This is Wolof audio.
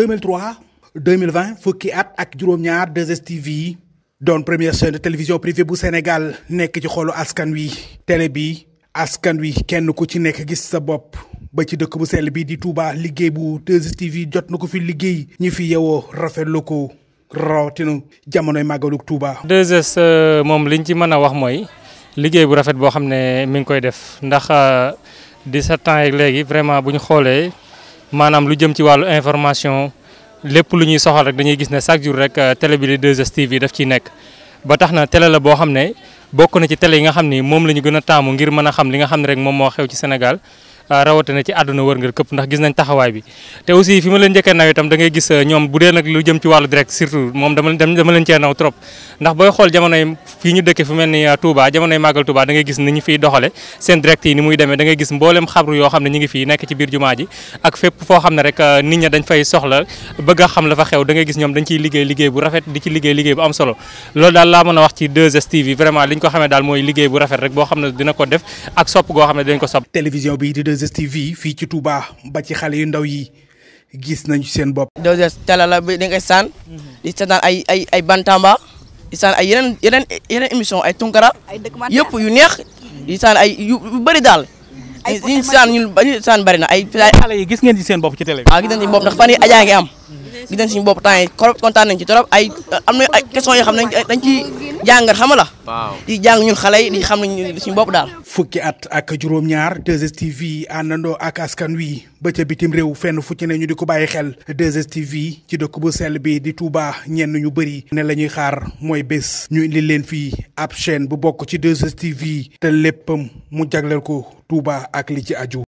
2003 2020 fukki at ak juróom-ñaar 2STV yi doon première chaîne de télévision privée bu Sénégal nekk ci xoolu askan wi télé bi askan wi kenn ku ci nekk gis sa bopp ba ci dëkk bu sell bi di Touba liggéey bu 2STV jot na ko fi liggéey ñi fi yewoo rafetlu ko rawatina jamonoy màggalug Touba. 2S euh, moom liñ ci mën a wax mooy liggéey bu rafet boo xam ne mi ngi koy def ndax 17 euh, ans yeeg léegi vraiment bu ñu xoolee. maanaam lu jëm ci wàllu information lépp lu ñuy soxal rek dañuy gis ne chaque jour rek euh, télé bi di 2STV daf ciy nekk. ba tax na tele la boo xam ne bokk na ci télé yi nga xam ni moom la ñu gën a taamu ngir mën a xam li nga xam ne rek moom moo xew ci Sénégal. Euh, rawatina ci àdduna wërngal këpp ndax gis nañ taxawaay bi te aussi fi ma leen njëkkee naw itam da ngay gis euh, ñoom bu dee nag lu jëm ci wàllu direct surtout moom dama dama leen cee naw trop ndax booy xool jamono fii ñu dëkkee fu mel ni euh, Touba jamonoy màggal Touba da ngay gis ni ñu fiy doxale seen direct yi ni muy demee da gis mboolem xabru yoo xam ne ñu ngi fii nekk ci biir jumaa ji ak fépp foo xam ne rek euh, nit ña dañ fay soxla bëgg a xam la fa xew da gis ñoom dañ ciy liggéey liggéey bu rafet di ci liggéey liggéey bu am solo loolu daal laa mën a wax ci 2STV ko xamee daal mooy liggéey bu rafet rek boo xam ne dina ko def ak sopp goo xam ne dañ ko sopp télévision di saan ay yeneen yeneen yeneen émission ay tunkara yëpp yu neex di saan ay yu bëri daal ñi saan ñun bañu saan ay xale yi gis ngeen ci ah, fan yi ajaa ngi am gis nañ ci bopp kontaan nañ ci trop ay am na ay question yoo jàngat xamala la. waaw di jàng ñun xale yi di xam nañu suñu bopp daal. fukki at ak juróom-ñaar 2STV ak askan wi ba ca bitim réew fenn fu ci ne ñu di ko bàyyi xel 2STV ci dëkk bu sell bi di Touba ñenn ñu bëri ne la ñuy xaar mooy bés ñu indi leen fii ab chaîne bu bokk ci 2STV te léppam mu jagleel ko Touba ak li ci aju.